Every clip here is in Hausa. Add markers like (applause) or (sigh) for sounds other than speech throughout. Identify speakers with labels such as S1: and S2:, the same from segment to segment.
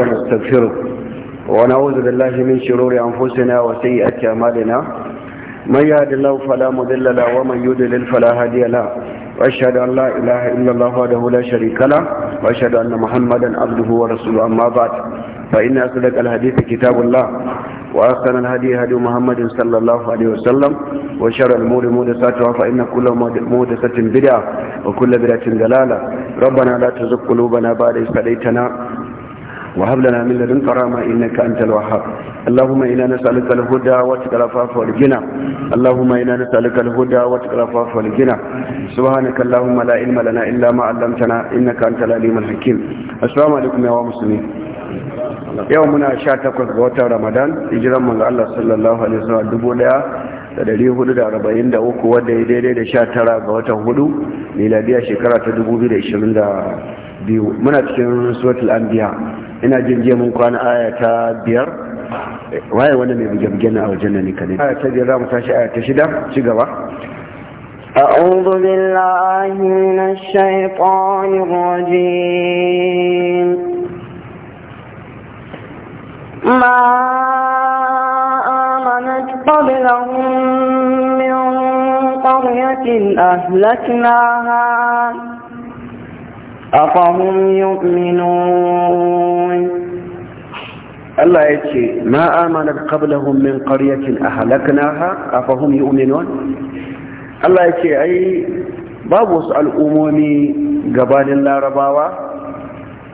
S1: ونستغفره ونعوذ بالله من شرور أنفسنا وسيئات أعمالنا من يهد الله فلا مضل له ومن يضلل فلا هادي له وأشهد أن لا إله إلا الله وحده لا شريك له وأشهد أن محمدا عبده ورسوله أما بعد فإن أصدق الحديث كتاب الله وأحسن الهدي هدي محمد صلى الله عليه وسلم وشر الأمور محدثاتها فإن كل محدثة بدعة وكل بدعة ضلالة ربنا لا تزغ قلوبنا بعد إذ هديتنا وهب لنا من لدنك رحمة إنك أنت الوهاب اللهم إنا نسألك الهدى والعفاف والغنى اللهم إنا نسألك الهدى والعفاف والغنى سبحانك اللهم لا علم لنا إلا ما علمتنا إنك أنت العليم الحكيم السلام عليكم يا مسلمين yau muna sha takwas ga watan ramadan hijiran manzo Allah sallallahu alaihi wasallam dubu daya da dari hudu da arba'in da uku wadda ya daidai da sha tara ga watan hudu miladiya shekara ta dubu biyu da ishirin da biyu muna cikin suratul anbiya ina jin jiya mun kwana aya ta biyar waye wanda mai buge-buge na a wajen nan ne kadai aya ta biyar za mu tashi aya ta shida ci gaba أعوذ بالله
S2: من الشيطان الرجيم ما آمنت قبلهم من قرية أهلكناها
S1: أفهم يؤمنون الله يتي ما آمنت قبلهم من قرية أهلكناها أفهم يؤمنون الله يتي أي باب وسأل قبال الله رباوة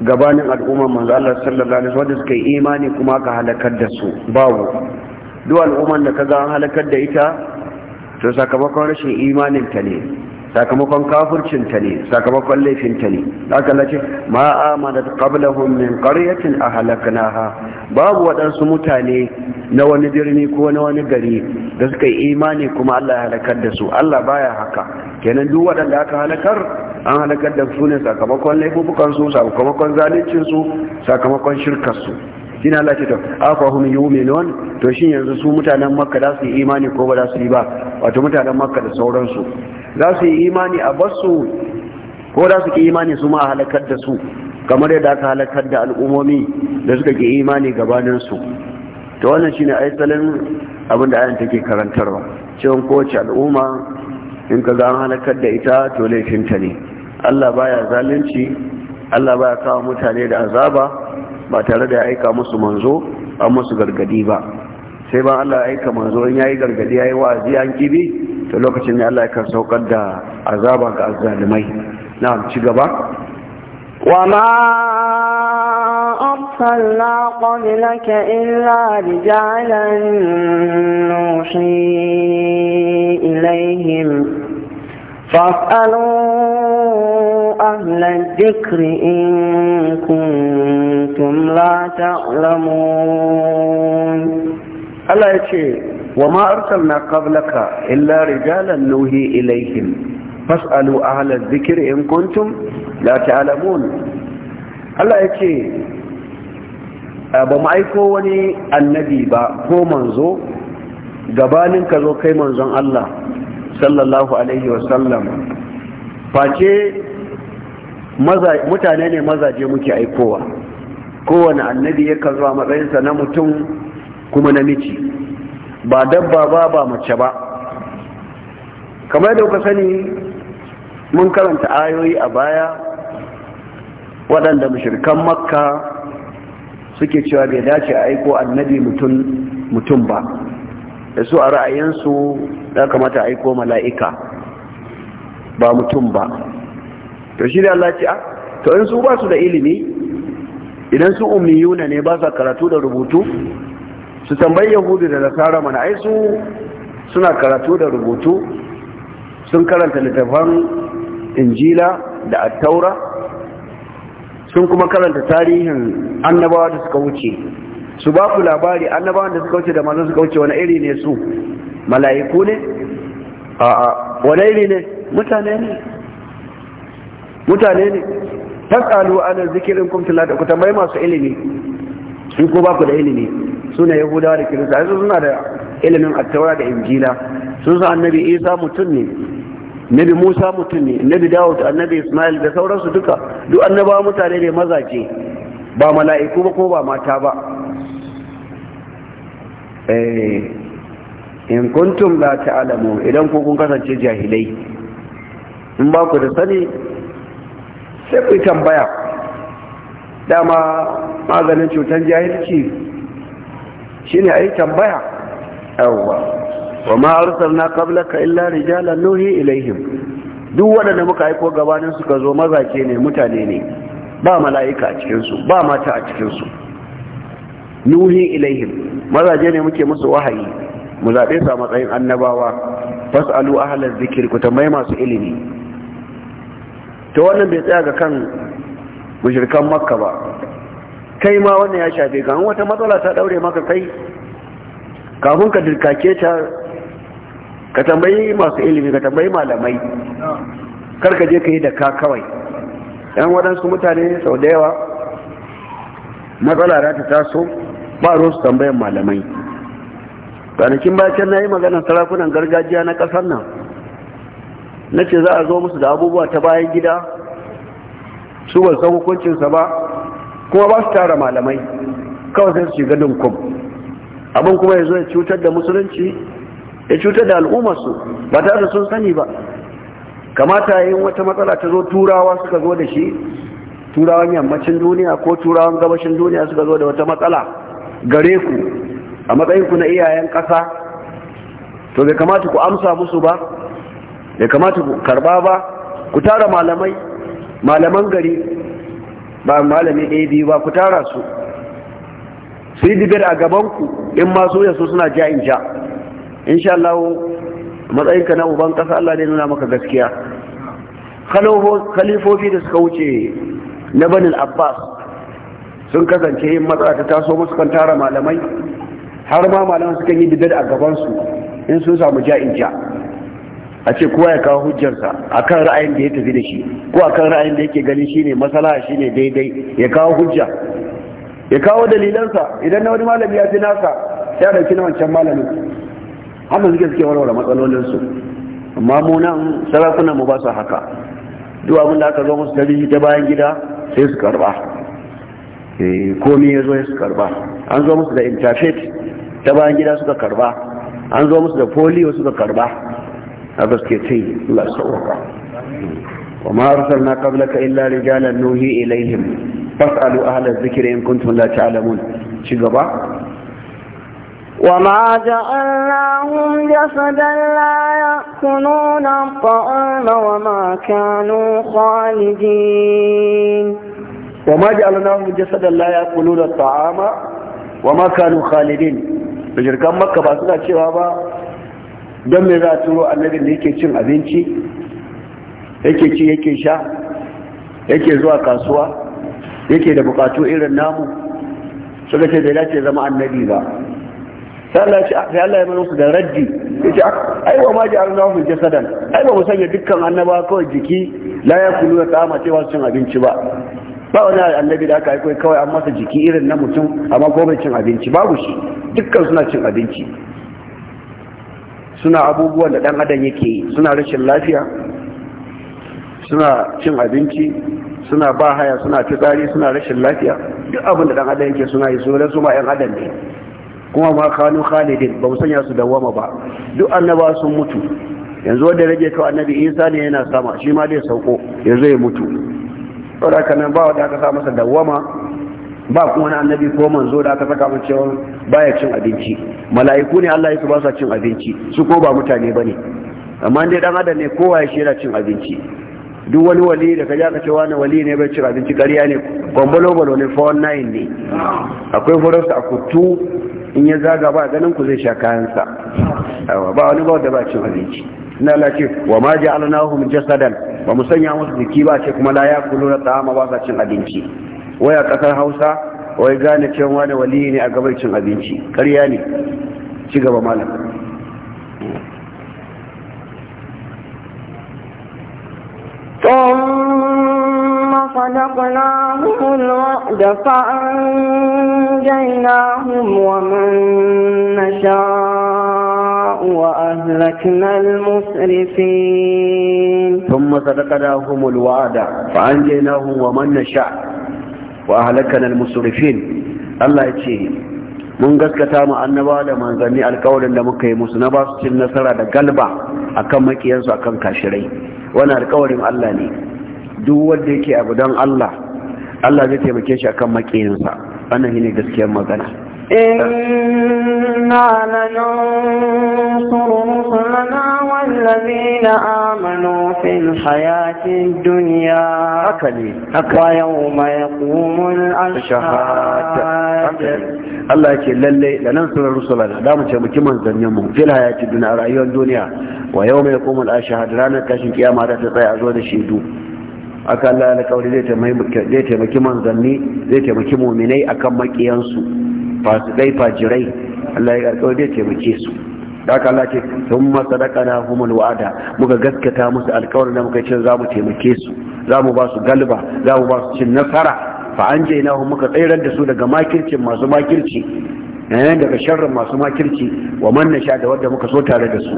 S1: gabanin al'ummar manzo Allah sallallahu alaihi wasallam suka yi imani kuma ka halakar da su babu duk al'ummar da kaga an halakar da ita to sakamakon rashin imanin ta ne sakamakon ta ne sakamakon laifin ta ne haka na ce ma amana qablahum min qaryatin ahlaknaha babu waɗansu mutane na wani birni ko na wani gari da suka yi imani kuma Allah ya halakar da su Allah baya haka kenan duk waɗanda aka halakar an halakar da su ne sakamakon laifukan su sakamakon zalincin su sakamakon shirkar su shine Allah ce to afahum yu'minun to shin yanzu su mutanen Makka da su yi imani ko ba za su yi ba wato mutanen Makka da sauransu za su yi imani a basu ko za su ki imani su ma a halakar da su kamar yadda aka halakar da al'ummomi da suka ki imani gabaninsu ta wannan shine aisalin abin da ayan take karantarwa cewa kowace al'umma in ka an halakar da ita to laifinta ne allah baya zalunci allah baya kawo mutane da azaba ba tare da ya aika musu manzo an musu gargadi ba sai ban Allah ya aika manzo in yayi gargadi yi wa'azi an kibi to lokacin ne Allah ya kan saukar da azaba ga azzalimai na'am ci gaba wa ma
S2: أرسلنا قبلك illa رجالا نوحي إليهم فاسألوا أهل الذكر إن كنتم
S1: لا تعلمون Allah ya ce wa ma na qablaka illa rijalan nuhi ilaihim fas'alu ahla dhikri in kuntum la ta'lamun Allah ya ce ba mu aiko wani annabi ba ko manzo gabanin ka zo kai manzon Allah sallallahu alaihi sallam. face mutane ne mazaje muke aikowa kowane annabi yakan zuwa matsayinsa na mutum kuma namiji ba dabba ba ba mace ba kamar da kuka sani mun karanta ayoyi a baya waɗanda mashirkan makka suke cewa bai dace a aiko annabi mutum ba da su a ra'ayinsu ya kamata aiko mala'ika ba mutum ba to shi da Allah ce a ah, to in su ba su da ilimi idan su ummiyuna ne ba sa karatu da rubutu su tambayi yahudu da nasara mana ai su suna karatu da rubutu sun karanta littafan injila da attaura sun kuma karanta tarihin annabawa da suka wuce su ba ku labari annabawan da suka wuce da manzon suka wuce wani iri ne su mala'iku ne a'a wani iri ne mutane ne mutane ne fasalu ana zikirin kuma tilata ku tambayi masu ilimi sun ko ba ku da ilimi su ne yahudawa da kirista su suna da ilimin attaura da injila sun san annabi isa mutum ne annabi musa mutum ne annabi dawud annabi ismail da sauransu duka duk annabawa mutane ne mazaje ba mala'iku ba ko ba mata ba
S3: eh,
S1: in kuntum la ta'lamu idan ku kun kasance jahilai in ba ku da sani sai ku tambaya dama maganin cutar jahilci shine ayi tambaya yawwa wa ma arsalna qablaka illa rijalan nuhi ilaihim duk waɗanda muka aiko gabanin su ka zo mazaje ne mutane ne ba mala'ika a cikin su ba mata a cikin su nuhi ilaihim mazaje ne muke musu wahayi mu zaɓe su a matsayin annabawa fas'alu ahlaz zikir ku tambayi masu ilimi to wannan bai tsaya ga kan mushrikan makka ba kai ma wannan ya shafe ka wata matsala ta daure maka kai kafin ka dirkake ta ka tambayi masu ilimi ka tambayi malamai kar ka je ka yi da ka kawai yan waɗansu mutane sau da yawa matsala za ta taso ba ruwan su tambayan malamai kwanakin bakin na yi magana sarakunan gargajiya na ƙasar nan na ce za a zo musu da abubuwa ta bayan gida su ban san hukuncinsa ba kuma ba su tara malamai kawai sai su shiga dunkum abin kuma ya zo ya cutar da musulunci ya cutar da al'ummarsu ba tare da sun sani ba kamata yin wata matsala ta zo turawa suka zo da shi turawan yammacin duniya ko turawan gabashin duniya suka zo da wata matsala gare ku a ku na iyayen ƙasa to bai kamata ku amsa musu ba bai kamata ku karba ba ku tara malamai malaman gari ba malami ɗaya biyu ba ku tara su su yi dibiyar a gabanku in ma so ya su suna ja in ja insha Allah matsayinka na uban ƙasa Allah ne nuna maka gaskiya khalifofi da suka wuce na banin abbas sun kasance yin matsala ta taso musu kan tara malamai har ma malaman sukan yi dibiyar a gabansu in sun samu ja in ja a ce kowa ya kawo hujjarsa akan ra'ayin da ya tafi da shi ko akan ra'ayin da yake gani shine masala shine daidai ya kawo hujja ya kawo dalilansa idan na wani malami ya fi nasa ya dauki na wancan malamin amma suke suke warware matsalolinsu amma mu nan sarakunan mu ba su haka duk abin da aka zo musu tarihi ta bayan gida sai su karba eh, komi ya zo su karba an zo musu da interfet ta bayan gida suka karba an zo musu da polio suka karba هذا يتي لا سوق وما أرسلنا قبلك إلا رجالا نوهي إليهم فاسألوا أهل الذكر إن كنتم لا تعلمون شقبا
S2: وما جعلناهم جسدا لا يأكلون الطعام وما كانوا
S1: خالدين وما جعلناهم جسدا لا يأكلون الطعام وما كانوا خالدين بجركم مكة بأسنا شبابا don mai za a turo annabin da yake cin abinci yake ci yake sha yake zuwa kasuwa yake da bukatu irin namu suka ce bai dace zama annabi ba sai Allah ya mana su da raddi ya ce ma ji an ja'alna hum jasadan ai ba mu sanya dukkan annaba kawai jiki la kulu da tsama ce ba cin abinci ba ba wani annabi da aka aiko kawai an masa jiki irin na mutum amma ko bai cin abinci babu shi dukkan suna cin abinci suna abubuwan da dan adam yake yi suna rashin lafiya suna cin abinci suna ba haya suna fitsari suna rashin lafiya duk abin da dan adam yake suna yi su su ma yan adam ne kuma ma kanu khalidin ba mu sanya su dawama ba duk annaba sun mutu yanzu wanda rage kawai annabi isa ne yana sama shi ma dai sauko yanzu ya mutu saboda nan ba wanda sa masa dawama ba kuma wani annabi ko manzo da aka saka mun cewa baya cin abinci mala'iku ne Allah yake ba sa cin abinci su ko ba mutane bane amma dai dan adam ne kowa ya shira cin abinci duk wani wali da ka ka ce wani wali ne bai cin abinci ƙarya ne gombolo balo ne 419 ne akwai forest a kutu in ya zaga ba ganin ku zai sha kayansa ba wani ba da ba cin abinci ina la ce wa ma ja'alnahum jasadan ba mu sanya musu jiki ba ce kuma la na ta'ama ba sa cin abinci waya kasar hausa wai gane cewa wani waliyi ne a gabar cin abinci ƙarya ne ci gaba malam
S2: ثم صدقناهم الوعد فأنجيناهم ومن نشاء وأهلكنا المسرفين ثم صدقناهم
S1: الوعد فأنجيناهم ومن نشاء wa ahlakana al-musrifin Allah ya ce mun gaskata mu annaba da manzanni alƙawarin da muka yi musu na ba su cin nasara da galba akan makiyansu akan kashirai wani alƙawarin Allah ne duk wanda yake abu don Allah Allah zai taimake shi akan makiyansa wannan shine gaskiyar magana
S2: إنا لننصر رسلنا والذين
S1: آمنوا في الحياة
S2: الدنيا ويوم يقوم الأشهاد
S1: Allah ce lalle da nan sunan rusulana da mu ce muke manzannin mu fil hayati rayuwar duniya wa yawma yaqumul ashhad ranar tashin kiyama ta tsaya a zo da shaidu aka Allah alƙawari zai taimaki manzanni zai taimaki muminai akan makiyansu fasidai fajirai Allah ya karɓi da taimake su da haka Allah ce sun masadaka na humul wa'ada muka gaskata musu alkawarin da muka ce za mu taimake su za mu ba su galba za mu ba su cin nasara fa an je ina muka tsayar da su daga makircin masu makirci eh daga sharrin masu makirci wa man nasha da wanda muka so tare da su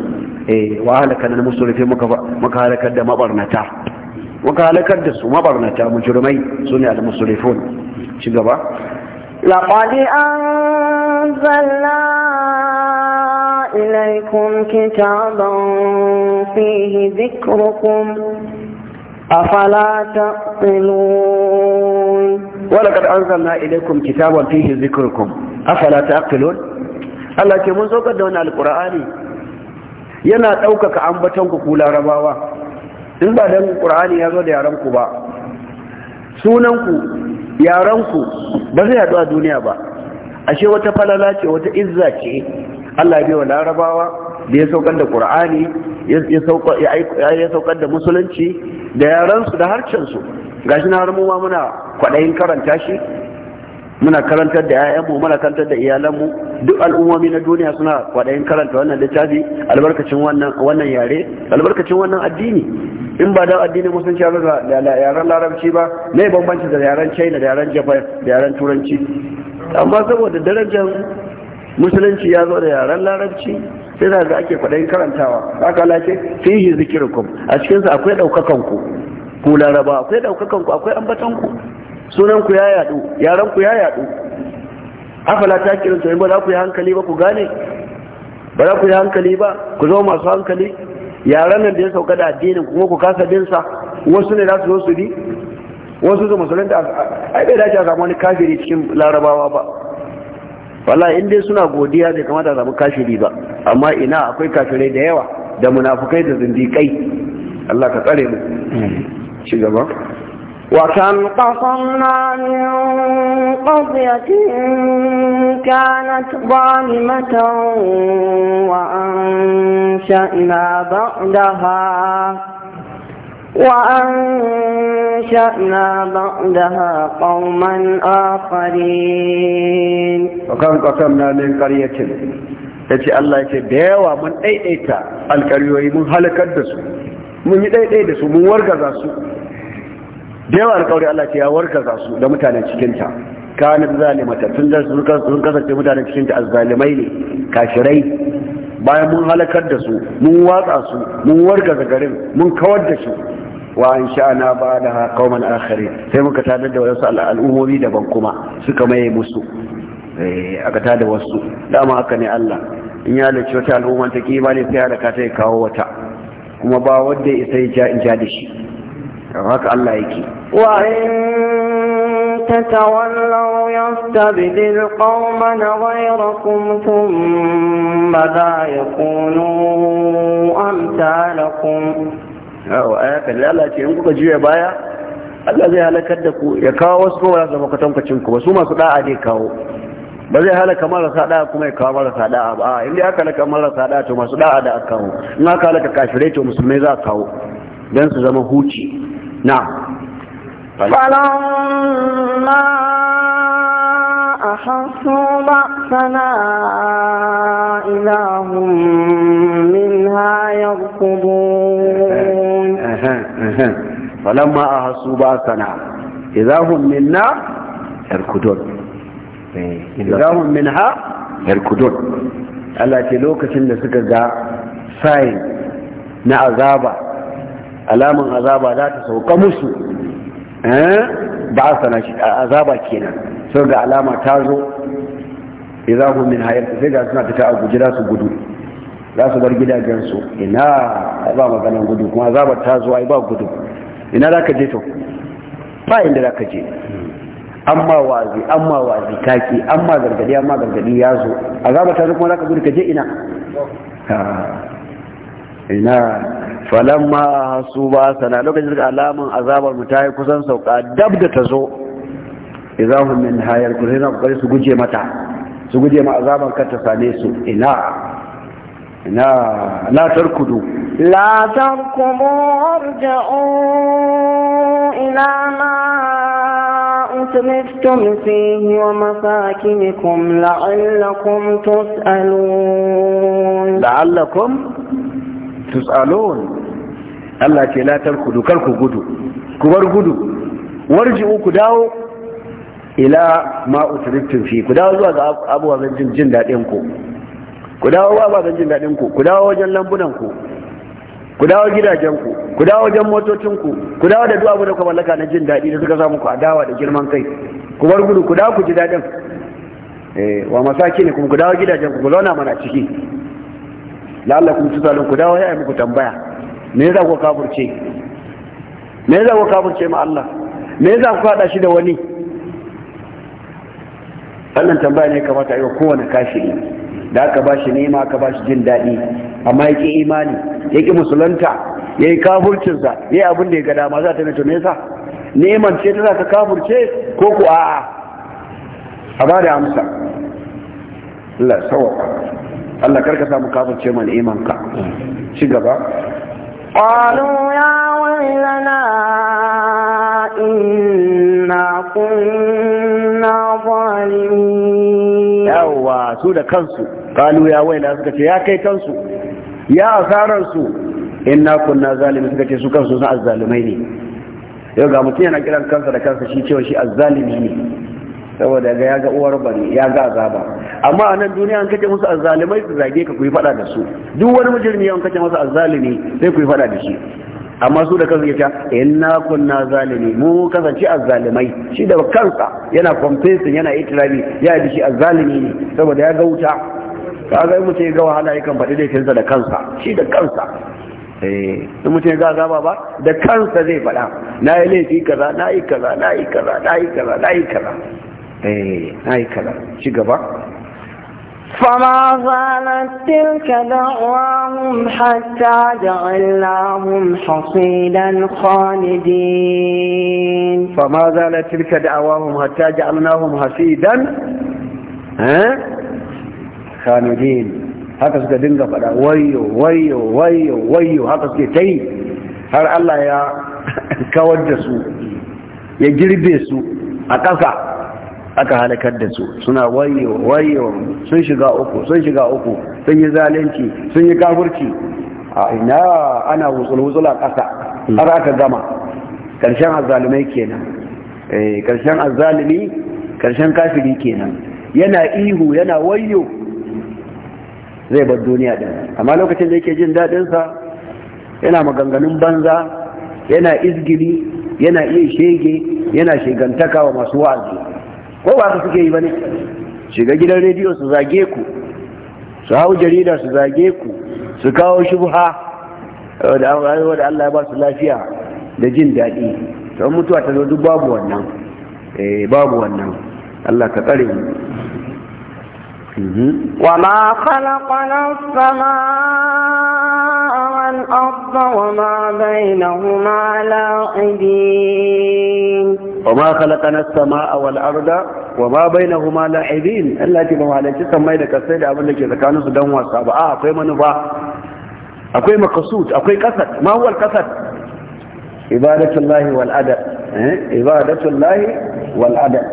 S1: eh wa halaka nan muka muka halakar da mabarnata muka halakar da su mabarnata mujrimai sune al-musulifun ci gaba
S2: لقد أنزلنا إليكم كتابا فيه ذكركم
S1: أفلا تأقلون ولقد أنزلنا إليكم كتابا فيه ذكركم أفلا تأقلون Allah ce mun saukar da wani alkur'ani yana ɗaukaka ambaton ku kula rabawa in ba don ƙura'ani ya zo da yaran ku ba sunanku yaranku ba zai haɗu a duniya ba ashe wata falala ce wata izza ce Allah ya wa larabawa da ya saukar da Qur'ani ya saukar da musulunci da yaransu da harcensu gashi na har mu ma muna kwaɗayin karanta shi muna karantar da mu, muna karantar da iyalanmu duk al'ummomi na duniya suna kwaɗayin karanta wannan littafi albarkacin wannan yare albarkacin wannan addini in ba dan addinin musulunci da yaren larabci ba ne bambanci da yaren china da yaren japan da yaren turanci amma saboda darajar musulunci ya zo da yaren larabci sai da ga ake kwaɗayin karantawa haka lake fihi zikirukum a cikinsa akwai ɗaukakan ku ku laraba akwai ɗaukakan ku akwai ambatan ku sunan ku ya yaɗu yaren ku ya yaɗu afala ta kirin to in ba za ku yi hankali ba ku gane ba za ku yi hankali ba ku zama masu hankali yaran nan da ya sauka da addinin kuma ku kasa bin sa wasu ne za su zo su bi wasu su a ai bai dace a samu wani kafiri cikin larabawa ba wala in dai suna godiya bai kamata a samu kafiri ba amma ina akwai kafirai da yawa da munafukai da zindikai Allah ka tsare mu ci gaba
S2: وكم قصمنا من قضية كانت ظالمة وأنشأنا بعدها وأنشأنا بعدها قوما آخرين
S1: وكم قصمنا من قرية التي الله يتي ديوا من أي أيتا القرية من هلكت دسو من أي أي دسو من ورقة دسو da yawa alƙawari Allah ce ya warkaza su da mutanen cikinta kanin zalimata tun da sun kasance mutanen cikinta azzalimai ne kashirai bayan mun halakar da su mun watsa su mun da garin mun kawar da su wa an sha'ana ba da kauman akhari sai muka tadar da wasu al'ummomi daban kuma suka maye musu eh, aka tada wasu dama haka ne Allah in ya halarci wata al'umma ta kima ne sai halaka ta kawo wata kuma ba wanda ya isa ya ja in ja da shi haka Allah yake
S3: wa
S2: تتولوا ba za ya ثم amta da
S1: أمثالكم أو آيات الله ce in kuka juya baya Allah zai halakar da ku ya kawo wasu kuma za zama kwatankwacin ku ba su masu da'a ne kawo ba zai halaka marasa da'a kuma ya kawo marasa da'a ba in dai aka halaka marasa da'a to masu da'a da aka kawo in aka halaka kafirai to musulmai za a kawo don su zama huci نعم
S2: فلما أحسوا بأسنا إذا هم منها يركضون
S3: فلما
S1: أحسوا بأسنا إذا هم منا يركضون إذا هم منها يركضون التي لوكت النسكة ساين نعذابا Alamun azaba za ta sauka musu eh? ba sana shi azaba kenan sau da alama ta zo za hu min hayar sai ga suna fita a guji za su gudu za su bar gidajensu ina ba maganin gudu kuma azaba ta zo ai ba gudu ina za ka je to ba inda za ka je amma wazi amma wazi kaki amma gargadi amma gargadi ya zo azaba ta zo kuma za ka gudu ka je ina
S3: ina
S1: falamma su ba sana lokacin da alamun azabar mu ta yi kusan sauka dab da ta zo izahun min hayar kusa na kokari su guje mata su guje ma azabar kan ta same su ina ina la tarkudu la tarkudu warja'u
S2: ila ma أتمفتم فيه ومساكنكم لعلكم تسألون لعلكم
S1: تسألون Allah ce la tarkudu kar ku gudu ku bar gudu warji ku dawo ila ma utriftum fi ku dawo zuwa ga abubuwan jin jin dadin ku ku dawo abubuwan jin dadin ku ku dawo wajen lambunan ku ku dawo gidajen ku ku dawo wajen motocin ku ku dawo da duwa da ku mallaka na jin dadi da suka samu ku adawa da girman kai ku bar gudu ku dawo ku ji dadin eh wa ne ku ku dawo gidajen ku ku zauna mana ciki la'allakum tusalun ku dawo ya yi muku tambaya me yasa ku kafirce me yasa ku kafirce ma Allah me yasa ku hada shi da wani wannan tambaya ne kamata yi wa kowane da aka ba shi nema aka ba shi jin daɗi amma ya ƙi imani ya ƙi musulunta ya yi kafurcinsa ya yi abin da ya ga dama za ta mai tune sa neman ce ta za ka kafurce ko ku a'a a ba da amsa Allah sawa Allah karka samu kafurce mana imanka, ka ci gaba
S2: Kalu ya waina in na
S1: da kansu Kalu ya waina suka ce ya kai kansu. Ya'a saransu. In na kunna zalimi suka ce su kansu suna azalumai ne. Yau ga mutum yana kiransa kansa da kansa shi ce wa shi azalimi ne. saboda ga ya ga uwar bari ya ga azaba amma a nan duniya an kace musu azzalimai su zage ka ku yi fada da su duk wani mujrimi an kace masa azzalimi sai ku yi fada da shi amma su da kansu yake inna kunna zalimi mu kasance azzalimai shi da kansa yana confessing yana itirabi ya yi shi azzalimi ne saboda ya ga wuta ka ga mutum ya ga wahala yakan faɗi kansa da kansa shi da kansa eh mutum ya ga azaba ba da kansa zai faɗa na yi laifi kaza na yi kaza na yi kaza na yi kaza na yi kaza
S3: eh ai kaza
S1: ci gaba
S2: فما زالت تلك دعواهم حتى جعلناهم حصيدا خالدين
S1: فما زالت تلك دعواهم حتى جعلناهم حصيدا خالدين haka suka dinga faɗa wayo wayo wayo wayo haka suke ta yi har Allah ya kawar da su ya girbe su a ƙasa aka halakar da su suna wayewa wayewa sun shiga uku sun shiga uku sun yi zalunci sun yi kafirci a ina ana wutsul-wutsul a ƙasa har aka gama ƙarshen azzalumai kenan eh, ƙarshen azzalumi ƙarshen kafiri kenan yana ihu yana wayo zai bar duniya ɗin amma lokacin da yake jin daɗinsa yana maganganun banza yana izgiri yana iya shege yana shegantaka wa masu wa'azi ko ba ka suke yi ba ne shiga gidan rediyo su zage ku su hau jarida su zage ku su kawo shubha da da Allah ya ba su lafiya da jin daɗi to mutuwa ta zo duk babu wannan eh babu wannan Allah ka tsare mu وما
S2: خلقنا السماء والأرض وما بينهما لاعبين
S1: وما خلقنا السماء والأرض وما بينهما لاعبين التي بمالكي سمي da kasai da abin da ke tsakaninsu dan wasa ba a akwai manufa akwai makasud akwai kasad ma huwa al-kasad ibadatullahi wal adab eh ibadatullahi wal adab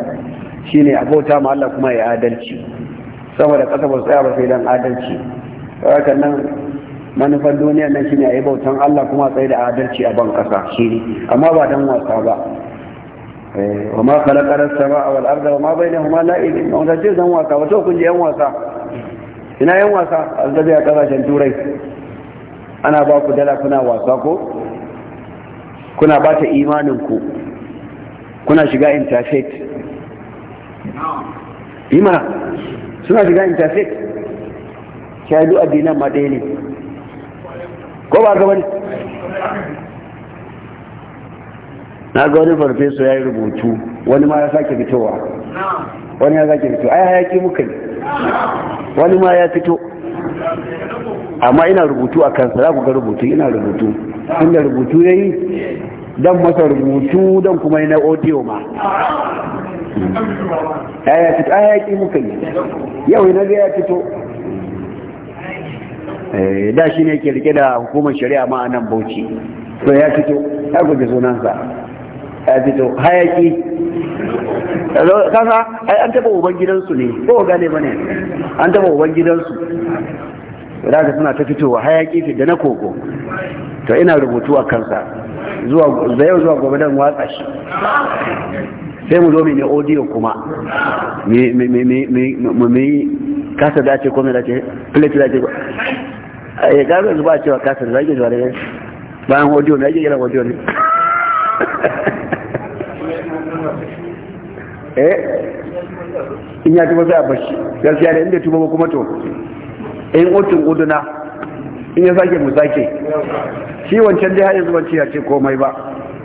S1: shine abota ma Allah kuma ya adalci saboda kasa ba tsaya ba sai dan adalci haka nan manufan duniya nan shine a yi bautan Allah kuma tsaye da adalci a ban kasa shi amma ba dan wasa ba
S3: Eh, wa ma khalaqa as-samaa'a
S1: wal arda wa ma bainahuma la'ibin wanda ce zan wasa wato kun je yan wasa ina yan wasa ya a kasashen turai ana ba ku dala kuna wasa ko kuna ba ta imanin ku kuna shiga interfaith ima suna shiga interfaith shaidu addinan ma ɗaya ne ko ba ga wani na ga wani farfesa ya yi rubutu wani ma ya sake fitowa wani ya sake fito ai hayaki muka yi wani ma ya fito amma ina rubutu a kansa za ku ga rubutu ina rubutu inda rubutu ya yi don masa rubutu don kuma yi na audio ma ya fito ai hayaki muka yi yau ina ga ya fito eh, da shi ne ke rike da hukumar shari'a ma a nan bauchi to ya fito ya guje sunansa fito hayaki kasa ai an taba uban gidansu ne ko gane ba ne an taba uban gidansu da ka suna ta fitowa hayaki fi da na koko to ina rubutu a kansa zuwa zai yau zuwa gobe dan watsa shi sai mu zo mai audio kuma mu mai kasa ce kome da ce plate dace ya eh, gano zuba cewa kasa da ke zuwa da bayan audio na yake gina audio ne
S3: (laughs) eh
S1: in ya tuba sai a bashi gaskiya da inda tuba ba kuma to in utun uduna in ya sake mu sake shi wancan dai har yanzu ban ya ce komai ba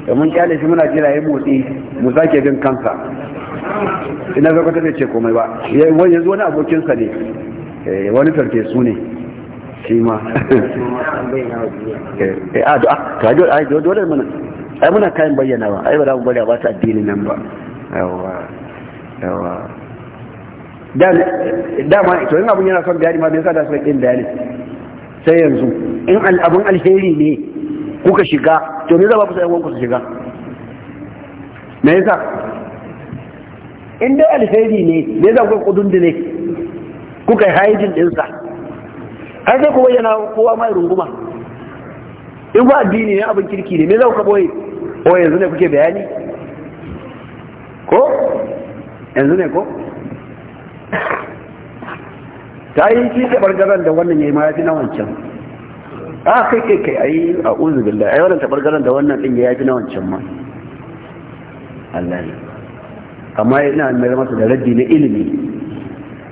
S1: domin kyale shi muna jira ya motsi mu sake bin kansa ina zaka ta ce komai ba yanzu wani abokinsa ne eh, wani farfesu ne shi ma (laughs) eh, a dole a dole mana ai muna kayan bayyana ba ai ba za mu bari a ba ta addini nan ba yawa yawa dama ito yin abin yana son bayani ma bai sada su ƙin bayani sai yanzu in abin alheri ne kuka shiga to ne zaba ku sai wanku su shiga me yasa in dai alheri ne me yasa kuka kudin ne kuka haidin ɗinsa? har sai ku bayyana kowa mai runguma in ba addini ne abin kirki ne me za ku ka boye o yanzu ne kuke bayani ko yanzu ne ko ta yi shi bargaran da wannan ya yi ma ya fi na wancan a kai kai kai a yi a uzubillah a yi wannan tabargaran da wannan din ya fi na wancan ma Allah ne amma ina mai masa da raddi na ilimi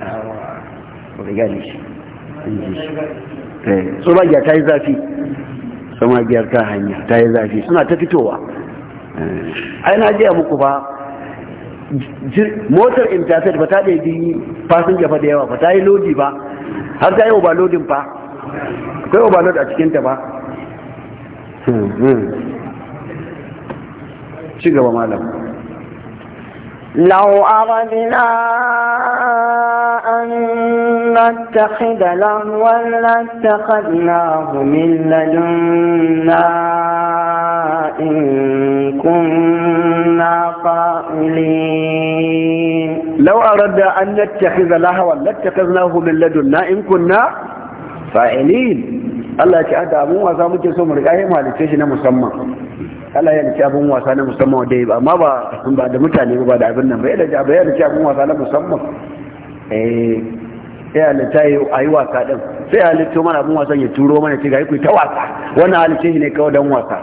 S3: a
S1: gani shi eh, tsoragiya ta yi zafi samagiyar ta hanya ta yi zafi suna ta fitowa eh, ai na jiya muku ba motar intercept ba ta ɗaiɗi fasin fa da yawa ba ta yi lodi ba har ta yi overloading fa akwai overload a cikinta ba
S3: hmm, hmm.
S1: ci gaba malam
S2: لو أردنا أن نتخذ لهوا لاتخذناه من لدنا إن
S1: كنا قائلين لو أردنا أن نتخذ لهوا لاتخذناه من لدنا إن كنا فاعلين الله يتعدى أبوه وزامك سمر أي مالك شيء مسمى Allah ya da abin wasa na musamman wanda ya ba amma ba ba da mutane ba da abin nan ba ya da ba ya da abun wasa na musamman eh ya ne tayi yi ayi wasa din sai ya halitto mana abin wasan ya turo mana ce ga ku ta wasa wannan halitta ne kawai dan wasa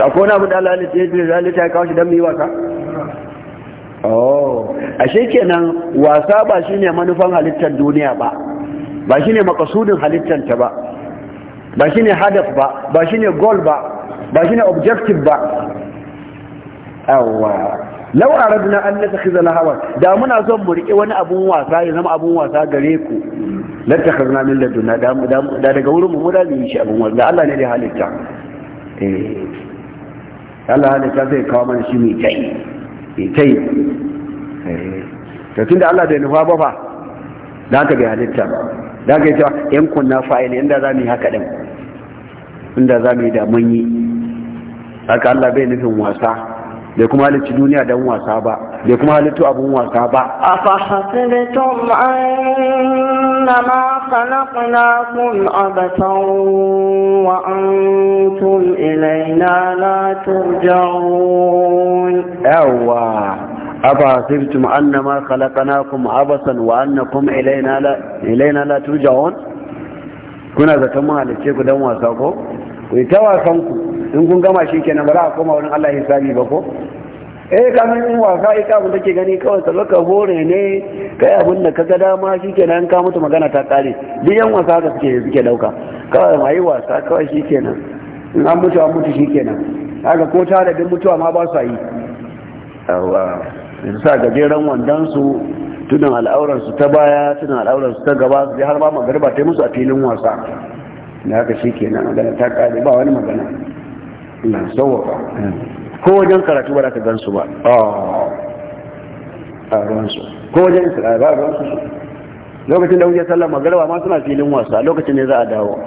S1: to ko na abu da Allah halitta ya da halitta ya kawo shi dan mu yi wasa oh ashe kenan wasa ba shine manufan halittar duniya ba ba shine makasudin halittar ta ba ba shine hadaf ba ba shine goal ba ba shi ne objective ba awwa law aradna an zana lahawa da muna son mu rike wani abun wasa ya zama abun wasa gare ku la na min laduna da daga wurin mu da mu shi abun wasa da Allah ne da halitta eh Allah halitta zai kawo mana shi mai kai mai kai eh. to tunda Allah bai nufa ba fa da ka bai halitta da ka yi cewa yan kunna fa'ili inda za mu yi haka din inda za mu yi da mun yi haka Allah bai nufin wasa bai kuma halittu duniya don wasa ba bai kuma halittu abun wasa ba
S2: afa hasibtum annama kun abatan
S1: wa antum ilaina la turja'un yawa afa hasibtum annama khalaqnakum abasan wa annakum ilaina la ilaina la turja'un kuna zaton mun halicce ku dan wasa ko ku ta tawasan ku in kun gama shi kenan ba za a koma wurin Allah hisabi ba ko eh kamar in wasa ita abin da ke gani kawai salo ka hore ne kai abin da ka ga dama shi kenan ka mutu magana ta kare duk yan wasa da suke suke dauka kawai mai wasa kawai shi kenan in an mutu an mutu shi kenan haka ko tare da mutuwa ma ba su yi yanzu sa gajeren su tunan al'auransu ta baya tunan al'auransu ta gaba su har ba magarba ta musu a filin wasa da haka shi ke nan magana ta kare ba wani magana na sauwaka ko wajen karatu ba za ka gan su ba ah, a ruwansu ko wajen isra'i ba a ruwansu su lokacin da wuce sallar magarba ma suna filin wasa lokacin ne za a dawo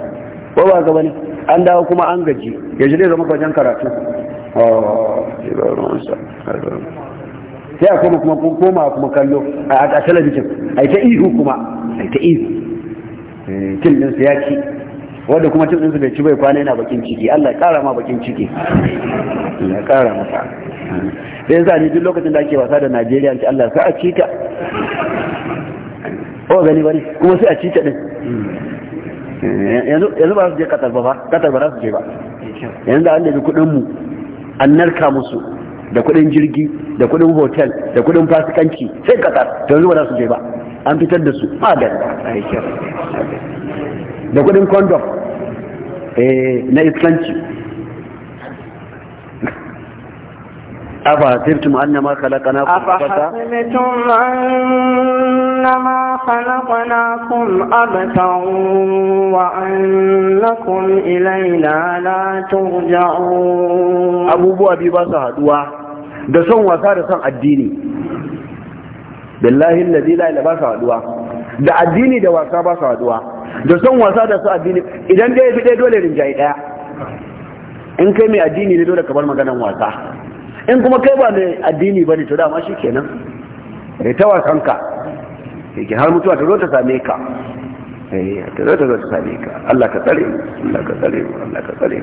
S1: ko ba gaba ne an dawo kuma an gaji ya zai zama wajen karatu ah, sai a koma kuma koma kuma kallo a talabijin a ita ihu kuma a ita ihu tilmin eh, su ya ci wanda kuma cin ɗinsu bai ci bai kwana yana bakin ciki Allah ya ƙara ma bakin ciki ya ƙara masa sai yasa ni duk lokacin da ake wasa da Najeriya ce Allah sai a cika o gani bari kuma sai a cika ɗin, din yanzu ba su je Qatar ba Qatar ba su je ba yanzu an da kuɗin mu an narka musu da kudin jirgi da kudin hotel da kudin fasikanci sai katar to yanzu ba su je ba an fitar da su magan da kudin kondom eh, na iskanci أفحسبتم أنما خلقناكم أبتا أفحسبتم
S2: أنما خلقناكم أبتا وأنكم
S1: إلينا لا ترجعون أبو بو أبي باسا هدوا da son wasa da son addini billahi alladhi la ba su huwa da addini da wasa ba su haduwa da son wasa da su addini idan ɗaya fi ɗaya dole rinjaye ɗaya in kai mai addini ne dole ka bar maganan wasa in kuma kai ba mai addini bane ne to dama shi kenan ya eh, wasan ka, yake eh, har mutuwa ta zo ta same ka eh, ta zo ta zo ta same ka Allah ka tsare Allah ka tsare Allah ka tsare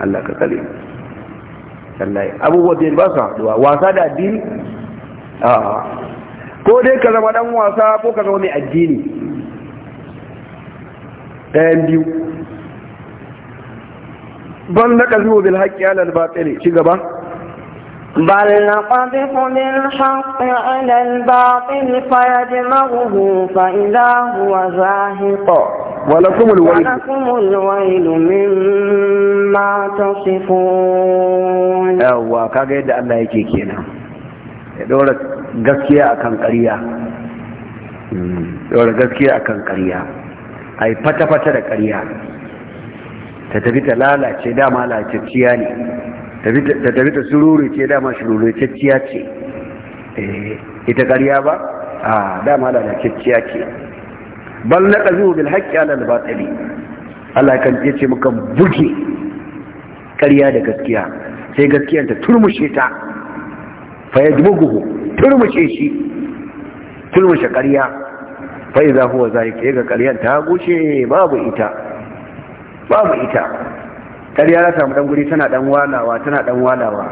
S1: Allah ka tsare sallai abubuwa biyar ba su haɗuwa wasa da addini ko dai ka zama dan wasa ko ka zama mai addini ɗayan biyu bal wa bil haƙƙi ala al ne, ci gaba
S2: bal naqdhu bil haqqi ala al batil fayadmaghu fa
S3: ولكم الويل ولكم
S2: الويل
S1: مما تصفون أوا كاجا يد الله يكي كينا دورة أكن قرية دورة a أكن قرية a yi fata-fata da ƙarya ta tafi ta lalace dama lalacacciya ne ta tafi ta sururu ce dama sururacacciya ce ita ƙarya ba a dama lalacacciya ce bal na ƙazu bil haƙƙi ala albatali Allah kan ce ce muka buge ƙarya da gaskiya sai gaskiya ta turmushe ta fa turmushe shi turmushe ƙarya fai za huwa za ga karyar ta gushe babu ita babu ita karyar na samu ɗan guri tana ɗan walawa tana ɗan walawa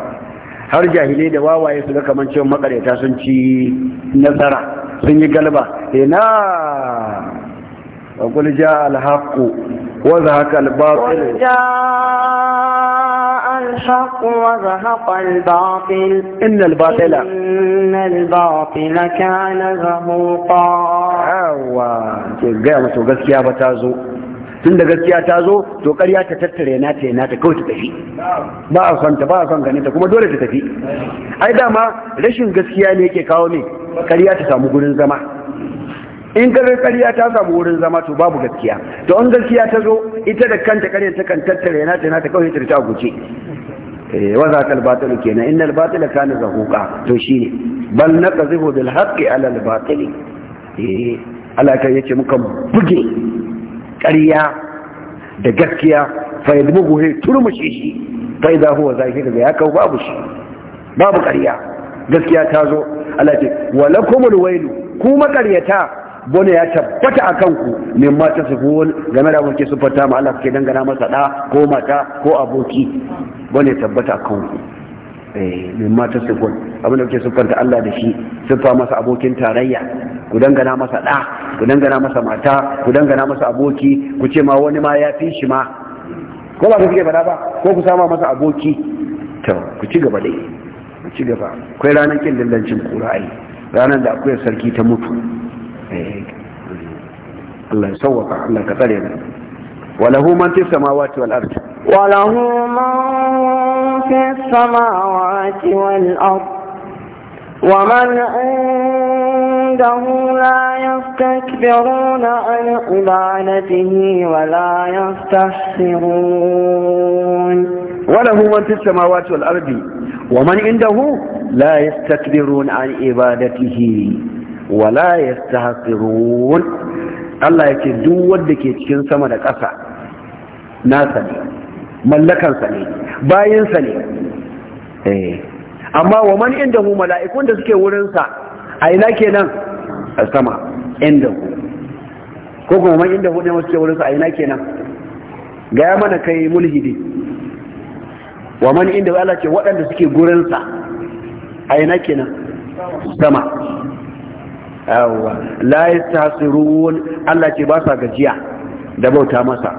S1: har jahilai da wawaye su ga kamar cewa makareta sun ci nasara sun yi galba ina wa kulja alhaku. وزهق الباطل
S2: جاء الحق وزهق الباطل إن الباطل إن الباطل كان زهوقا
S1: أوا قامت وقسيا بتازو tun da gaskiya ta zo to ƙarya ta tattare na ta na ta kawai ta tafi ba a son ta ba a son ganin ta kuma dole ta tafi ai dama rashin gaskiya ne yake kawo ne ƙarya ta samu gurin zama in kaga kariya ta samu wurin zama to babu gaskiya to an gaskiya ta zo ita da kanta ƙarya ta kan tattare yana ta ta kawai ta guje eh, wa za ta albatil kenan innal batila kana zahuqa to shine bal naqzihu bil haqqi ala al batil eh Allah kai yace muka buge ƙarya da gaskiya fa yadmuhu hi turmushi shi fa idza huwa zahir ya kau babu shi babu ƙarya gaskiya ta zo Allah ce wa lakumul wailu kuma makaryata bone ya tabbata a kanku min ma tasifun game da kuke sufanta ma Allah ke dangana masa da ko mata ko aboki bone ya tabbata a kanku eh, min ma tasifun abin da kuke sufanta Allah da shi sufa masa abokin tarayya ku dangana masa da ku dangana masa mata ku dangana masa aboki ku ce ma wani ma ya fi shi ma ko ba kuke faɗa ba ko ku sama masa aboki to ku ci gaba dai ku ci gaba kai ranar kin dillancin kura ranar da akwai sarki ta mutu الله يسوق sauwaka Allah وله من في السماوات والأرض
S2: وله من في السماوات والأرض ومن عنده لا يستكبرون عن عبادته ولا
S1: يستحسرون وله من في السماوات والأرض ومن عنده لا يستكبرون عن عبادته wala ya yastahsirun Allah ya ce duk wadda ke cikin sama da ƙasa nasa ne mallakansa ne bayansa ne eh, amma wa man inda mu mala'ikun da suke wurinsa a ina ke nan a sama inda ku ko kuma man inda ne suke wurinsa a ina kenan gaya mana kai mulhidi wa man inda Allah ce waɗanda suke gurinsa a ina kenan sama yawwa la yastasirun Allah ce ba sa gajiya da bauta masa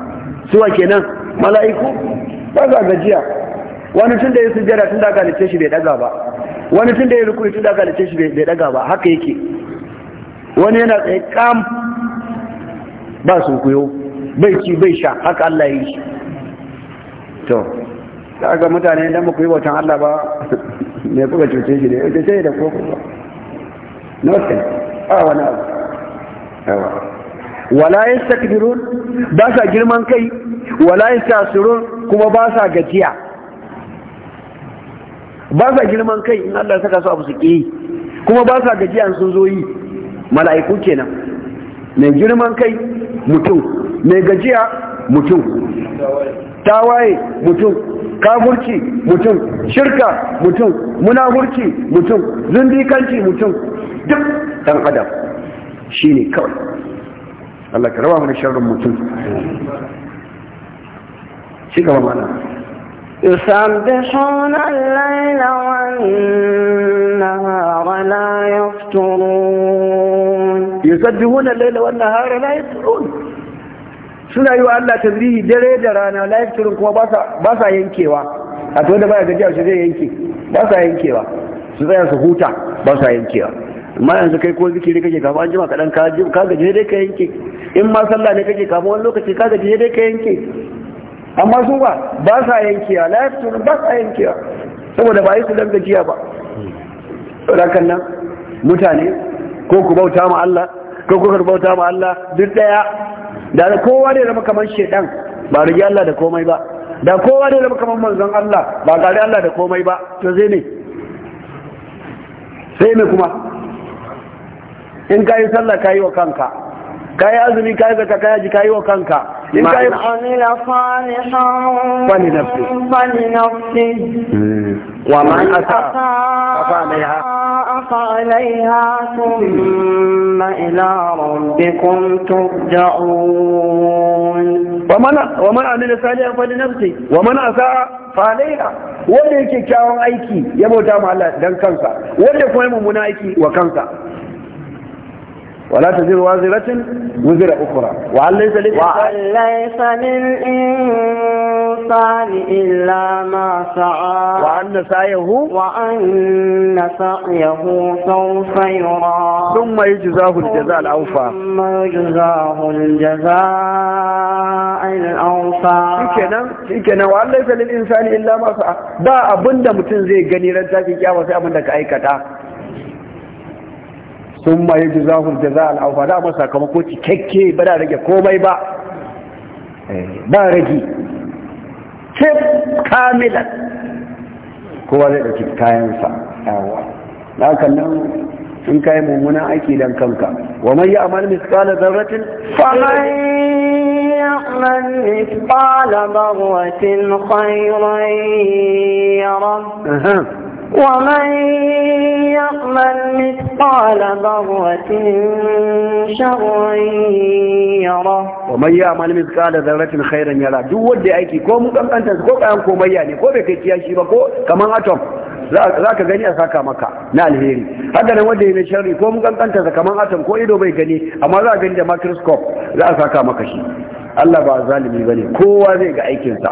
S1: suwa kenan mala'iku ba sa gajiya wani tun da ya sujjada tun da aka halice shi bai daga ba wani tun da ya rukuni tun da aka halice shi bai daga ba haka yake wani yana tsaye kam ba su kuyo bai ci bai sha haka Allah yi shi to ga mutane idan muku yi bautan Allah ba (laughs) me kuka cuce shi da ya cuce da koko ba nothing wani abu ba sa girman kai wala yastasirun kuma ba sa gajiya ba sa girman kai in Allah saka su abu su ƙi kuma ba sa gajiya sun zo yi mala'iku kenan mai girman kai mutum mai gajiya mutum tawaye mutum kafurci mutum shirka mutum munafurci mutum zindikanci mutum duk dan adam shine kawai Allah ka raba mu da sharrin mutum shi gaba mana
S2: يسبحون الليل والنهار لا يفترون
S1: يسبحون الليل والنهار لا يفترون suna yi wa Allah tasbihi dare da rana la yaftirun kuma ba sa yankewa a to da baya gajiya shi zai yanke ba sa yankewa su tsaya su huta ba sa yankewa amma yanzu kai ko zikiri kake kafa an jima kaɗan ka gaji dai ka yanke in ma sallah ne kake kafa wani lokaci ka gaji dai ka yanke amma su ba ba sa yankewa la yaftirun ba sa yankewa saboda ba yi su dan gajiya ba saboda nan mutane ko ku bauta ma Allah ko ku bauta ma Allah duk daya da kowa ne zama kamar shaidan ba rigi Allah da komai ba da kowa ne zama kamar manzon Allah ba gari Allah da komai ba to zai ne sai ne kuma in ka yi sallah ka yi wa kanka kayi azumi kayi zaka kayi ji kayi wa kanka in kayi
S2: amila salihan fali nafsi nafsi
S3: mm. wa man asa
S1: fa alaiha
S2: fa alaiha
S1: thumma ila rabbikum turja'un wa man wa man amila salihan nafsi wa man fa alaiha wanda yake kyawun aiki ya bauta ma Allah dan kansa wanda kuma mummuna aiki wa kansa ولا تزر وازرة وزر أخرى وأن ليس
S2: للإنسان إلا ما سعى وأن سعيه وأن سعيه سوف يرى ثم يجزاه الجزاء الأوفى
S1: ثم يجزاه الجزاء الأوفى شكنا شكنا وأن ليس للإنسان إلا ما سعى دا أبن دا متنزي جنيرا تاكي كاوة أبن دا كأيكتا ثم يجزاه الجزاء الاوفى لا ما ساكمكو تككي بلا رجي كومي با با إيه، رجي كيف كاملا كو زي دوكي كاين سا ايوا لكن نو ان كاي مومنا ايكي دان كانكا ومن يأمن مثقال ذره فمن
S2: يأمن مثقال ذره خيرا يرى ومن يعمل مثقال ذرة شرا يره
S1: ومن يعمل مثقال ذرة خيرا يره duk wanda ya aiki ko mu kankanta ko kayan komayya ne ko bai kai kiyashi ba kaman atom za ka gani a saka maka na alheri haka nan wanda ya sharri ko mun kankanta sa kaman atom ko ido bai gani amma za a gani da microscope za a saka maka shi Allah ba zalimi bane kowa zai ga aikinsa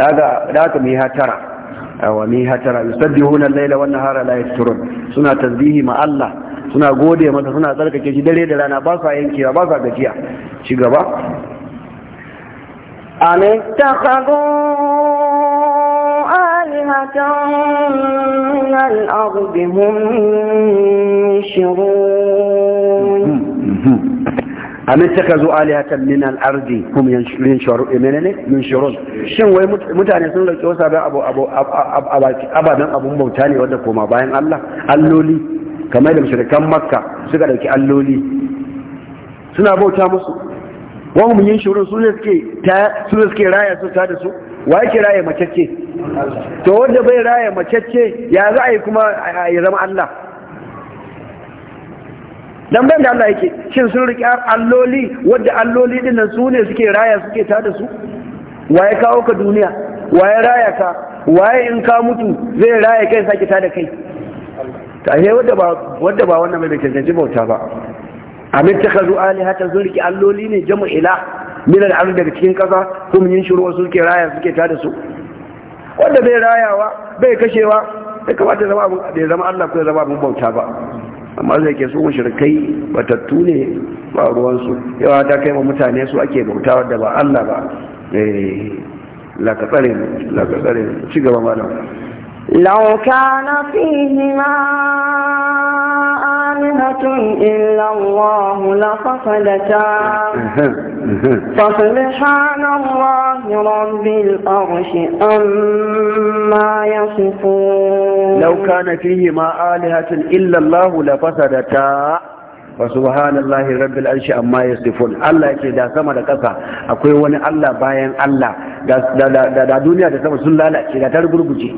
S1: daga daga mai hatara awami hatara yusabbihuna al-laila wan nahara la yafturun suna tasbihi ma Allah suna gode masa suna tsarkake shi dare da rana ba sa yanke ba sa gajiya shi gaba
S2: أم اتخذوا آلهة من الأرض
S3: هم
S1: am ittakazu alihatan min al-ardi hum yanshuru menene yanshurun shin wai mutane sun rauke wasu abin abu abu abadan abun bauta ne wanda koma bayan Allah alloli kamar da mushrikan makka suka dauki alloli suna bauta musu wa hum yanshurun su ne suke ta su suke raya su ta da su Wai yake raya mace ce? to wanda bai raya macece ya za a yi kuma ya zama Allah dan ban da Allah yake shin sun riƙe alloli wadda alloli din nan su ne suke raya suke ta da su waye kawo ka duniya waye raya ka waye in ka mutu zai raya kai sake ta da kai ta he wadda ba wadda ba wannan mai bai cancanci bauta ba amin Ali hata sun riƙe alloli ne jamu ila min al daga cikin kasa kuma yin shiru wasu suke raya suke ta da su wanda bai rayawa bai kashewa bai kamata zama abin da zama Allah ko zama abin bauta ba amma zai ke su mushrikai batattu ne ba ruwansu yawa ta kai ma mutane su ake bauta wadda ba Allah ba
S3: eh
S1: cigaba ci gaba malam
S2: لو كان فيهما آلهة إلا الله لفصلتا فسبحان الله رب الأرش أما يصفون لو كان
S1: فيهما آلهة إلا الله لفسدتا wa subhanallahi rabbil arshi amma yasifun Allah yake da sama da ƙasa akwai wani Allah bayan Allah da duniya da sama sun lalace da ta rugurguje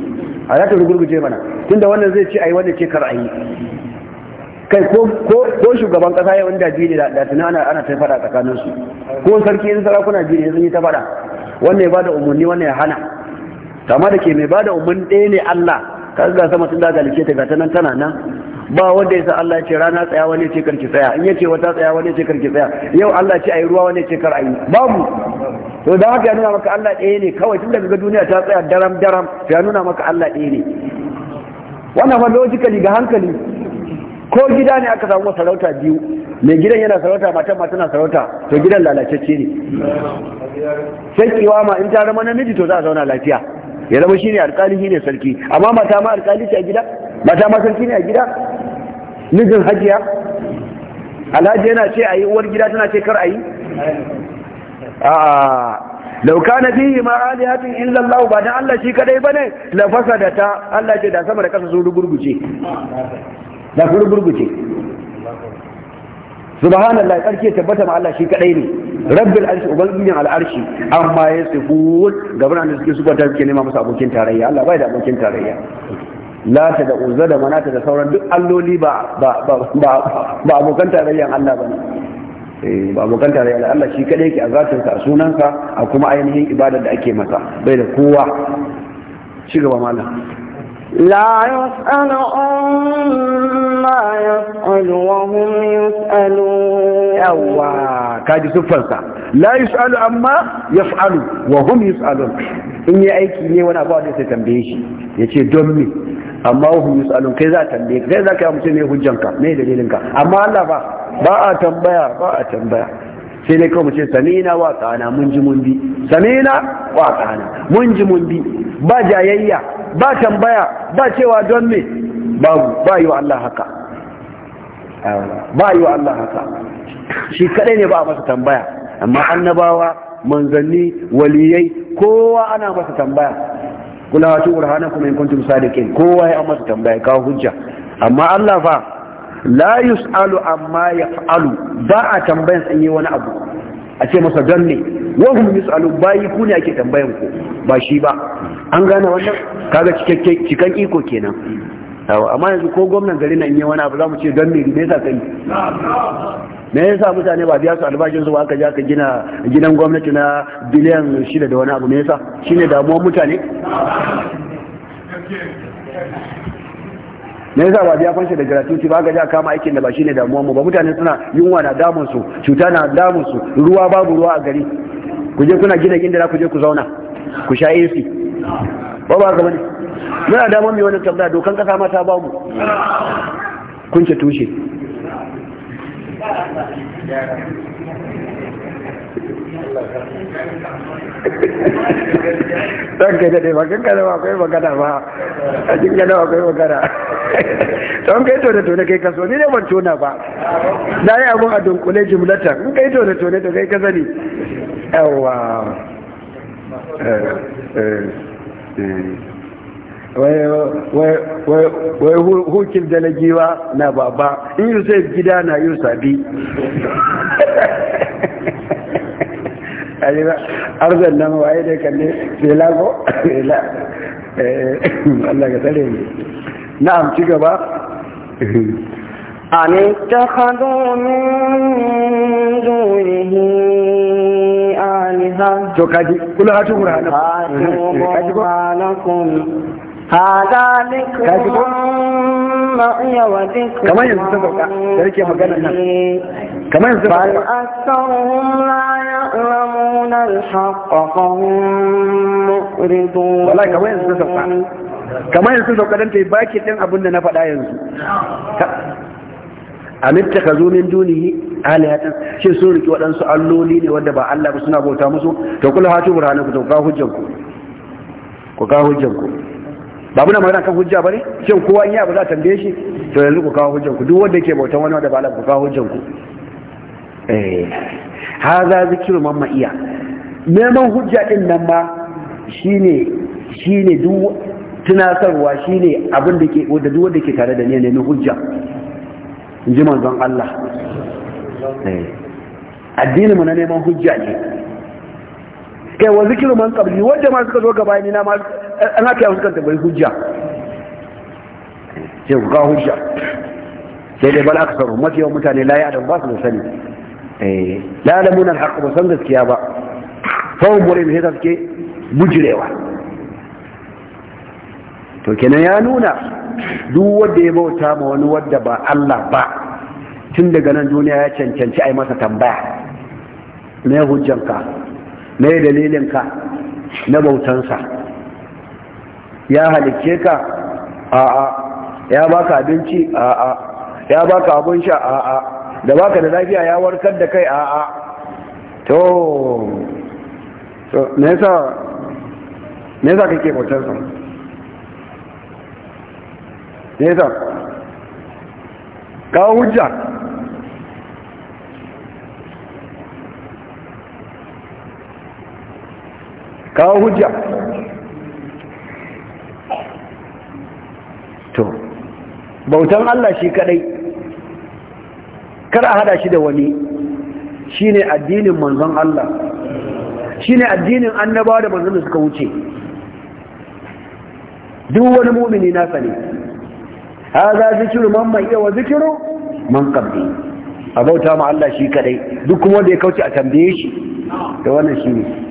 S1: a za ta rugurguje mana tunda wannan zai ce ai wannan ce kar ayi kai ko shugaban kasa ya wanda biyu da tuna ana ta fada tsakanin su ko sarki yin sarakuna biyu sun yi ta fada wannan ya bada umarni wannan ya hana kama da ke mai bada umarni ɗaya ne Allah ka ga sama tun da lice ta ga nan tana nan ba wanda ya sa Allah ya ce rana tsaya wani ce karki tsaya in ya ce wata tsaya wani ce karki tsaya yau Allah ya ce ayi ruwa wani ce kar ayi babu to da haka ya nuna maka Allah ɗaya ne kawai tun daga duniya ta tsaya daram daram ya nuna maka Allah ɗaya ne wannan fa logically ga hankali ko gida ne aka samu sarauta biyu mai gidan yana sarauta matan ma tana sarauta to gidan lalacecce ne sai kiwa ma in ta zama namiji to za a zauna lafiya ya zama shine alƙali ne sarki amma mata ma alƙali ce a gida mata ma sarki ne a gida mijin hajiya alhaji yana ce a yi uwar gida tana ce kar a yi lauka na fi yi ma alihatin in Allah ba dan Allah shi kadai ba bane la fasadata Allah ce da sama da kasa sun rugurguce da sun rugurguce subhanallah karke tabbata ma Allah shi kadai ne rabbil arshi ubangijin al'arshi amma ya yasifun gaban da suke suka ta suke nema musu abokin tarayya Allah bai da abokin tarayya lata da uzza da manata da sauran duk alloli ba ba abokan tarayyar Allah ba ne ba abokan tarayyar eh, Allah shi kadai yake a ka a sunansa a kuma ainihin ibadar da ake masa bai da kowa shiga ba malam
S2: لا يسأل عما يفعل وهم يسألون
S1: يوا كاجي سفنسا لا يسأل عما يفعل وهم يسألون in yi aiki ne wani abu da sai tambaye shi ya ce don me amma wahum kai za a tambaye kai za ka yi mutum ne hujjanka dalilinka amma Allah ba ba a tambaya ba a tambaya sai dai kawai ce samina wa tsana mun ji mun bi samina wa tsana mun ji mun bi ba jayayya ba tambaya ba cewa don me babu ba yi wa Allah haka ba yi wa Allah haka shi kadai ne ba a masa tambaya amma annabawa manzanni waliyai kowa ana masa tambaya kula wa tu burhanakum in kuntum sadiqin kowa ya masa tambaya kawo hujja amma Allah fa la yus'alu amma yaf'alu ba a tambayan sanye wani abu a ce masa don ne wahum yus'alu bayi ku ne ake tambayan ku ba shi ba an gane wannan kaga cikakken cikan iko kenan amma yanzu ko gwamnan gari nan yi wani abu za mu ce don ne me yasa kai me yasa mutane ba biya su albashin su ba aka ja ka gina gidan gwamnati na biliyan shida da wani abu me yasa shine damuwar mutane me yasa ba biya fanshi da gratuity ba ga ja kama aikin da ba shine damuwar mu ba mutane suna yunwa na damun su cuta na damun su ruwa babu ruwa a gari ku je kuna gina inda ku je ku zauna ku sha AC ba ba ga bane muna damun mu wannan tambaya dokan kasa ma ta bamu kun ce tushe
S3: (laughs)
S1: don kai daɗe ba kan kada akwai magana ba a cikin kada akwai magana don kai tone tone kai kaso ni ne ban tona ba na yi abun a dunkule jimlatan in kai tone tone to kai ka sani yawa eh, eh, eh. wai hukin dalagiwa na baba in yusuf gida na bi. (laughs) aji ba nan waye da kalle fela ko eh, Allah ka tsare ne na'am amci gaba أم اتخذوا من
S2: دونه آلهة
S1: كل هاتوا برهانكم
S2: هذا ذكر kamar yanzu ta sauka da rike magana
S1: nan kamar yanzu ta
S2: sauka wala kamar
S1: yanzu ta sauka kamar yanzu sauka don ta baki ɗin abin da na faɗa yanzu amitta ka zo min dunihi alihatan shi sun riki waɗansu alloli ne wanda ba Allah ba suna bauta musu to kula hatu burhanaku to ka hujjanku ku ka hujjanku ba muna magana kan hujja bane shin kowa in yi abu za ta tambaye shi to yanzu ku kawo hujjanku duk wanda yake bautan wani wanda ba Allah ku kawo hujjanku eh haza zikiru mamma iya neman hujja din nan ma shine shine duk tunatarwa shine abin da ke wanda duk wanda ke tare da ni neman hujja in ji manzon Allah eh addinin mu na neman hujja ne kai wa zikiru man qabli wanda ma suka zo gaba ni na ma an haka yau suka tambayi hujja sai ku ga hujja sai dai bal aksaru mafi yawan mutane la ya'lamu ba su da sani eh la ya'lamun al-haqq ba san gaskiya ba fawon bore mai sai suke bujirewa to kenan ya nuna duk wanda ya bauta ma wani wanda ba Allah ba tun daga nan duniya ya cancanci a yi masa tambaya me hujjanka mai dalilinka na bautansa ya halicce ka a'a ya baka abinci a'a ya baka abun sha a'a da baka da lafiya ya warkar da kai a'a to me yasa me yasa kake bautansa me yasa ka hujja kawo hujja to bautan Allah shi kadai kar a hada shi da wani shine addinin manzon Allah shine addinin annabawa da manzon da suka wuce duk wani mumini nasa ne haza zikiru man mai yawa zikiru man qabli a bauta ma Allah shi kadai duk kuma wanda ya kauce a tambaye shi da wannan ne.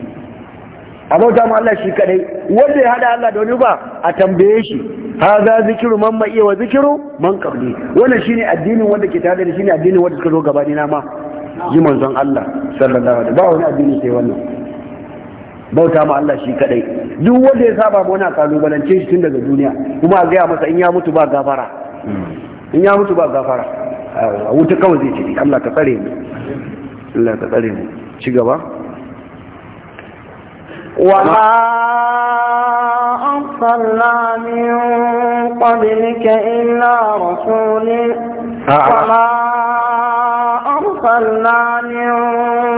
S1: a bauta ma Allah shi kadai wanda ya hada Allah da wani ba a tambaye shi haza zikiru man ma iya wa zikiru man qabli wannan shine addinin wanda ke tare da shine addinin wanda suka zo gaba ni na ma ji manzon Allah sallallahu alaihi wasallam ba wani addini sai wannan bauta ma Allah shi kadai duk wanda ya saba ma wannan kalubalance shi tun daga duniya kuma a gaya masa in ya mutu ba gafara in ya mutu ba gafara a wuta kawai zai ce Allah ka tsare mu Allah ka tsare mu ci gaba وما
S2: أرسلنا من قبلك إلا رسول آه. وما أرسلنا من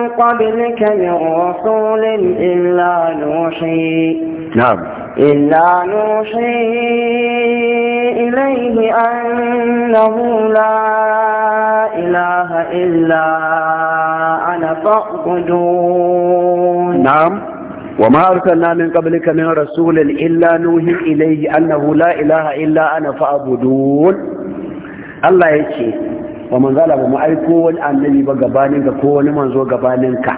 S2: قبلك من رسول إلا نوحي نعم إلا نوحي إليه أنه لا إله إلا
S1: أنا فاعبدون نعم وما أرسلنا من قبلك من رسول إلا نوحي إليه أنه لا إله إلا أنا فأعبدون الله يكي ومن ذلك ما أيكون أنني بغبانك كون من زو غبانك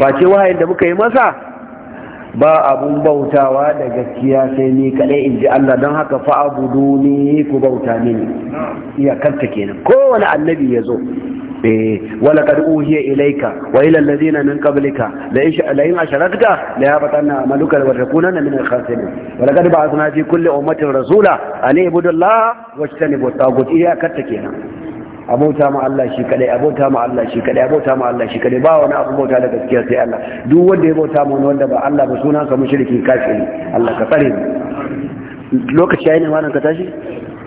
S1: فأتي وهي دبك يمسا با أبو بوتا وادا جكيا سيني كأي إن جاء الله دان هكا فأعبدوني كبوتا مني يا كنتكينا كون النبي يزو eh wala kad uhiya ilayka wa ila alladhina min qablika la in la in asharakta la yahbatanna amaluka wa takunanna min al-khasirin wala kad ba'athna fi rasula an ta kenan abota ma Allah shi kadai abota ma Allah shi kadai abota ma Allah shi kadai ba wani abu bauta da gaskiya sai Allah duk wanda ya bauta ma wanda ba Allah ba sunansa mushriki kafiri Allah ka tsare lokaci yayin ma ka tashi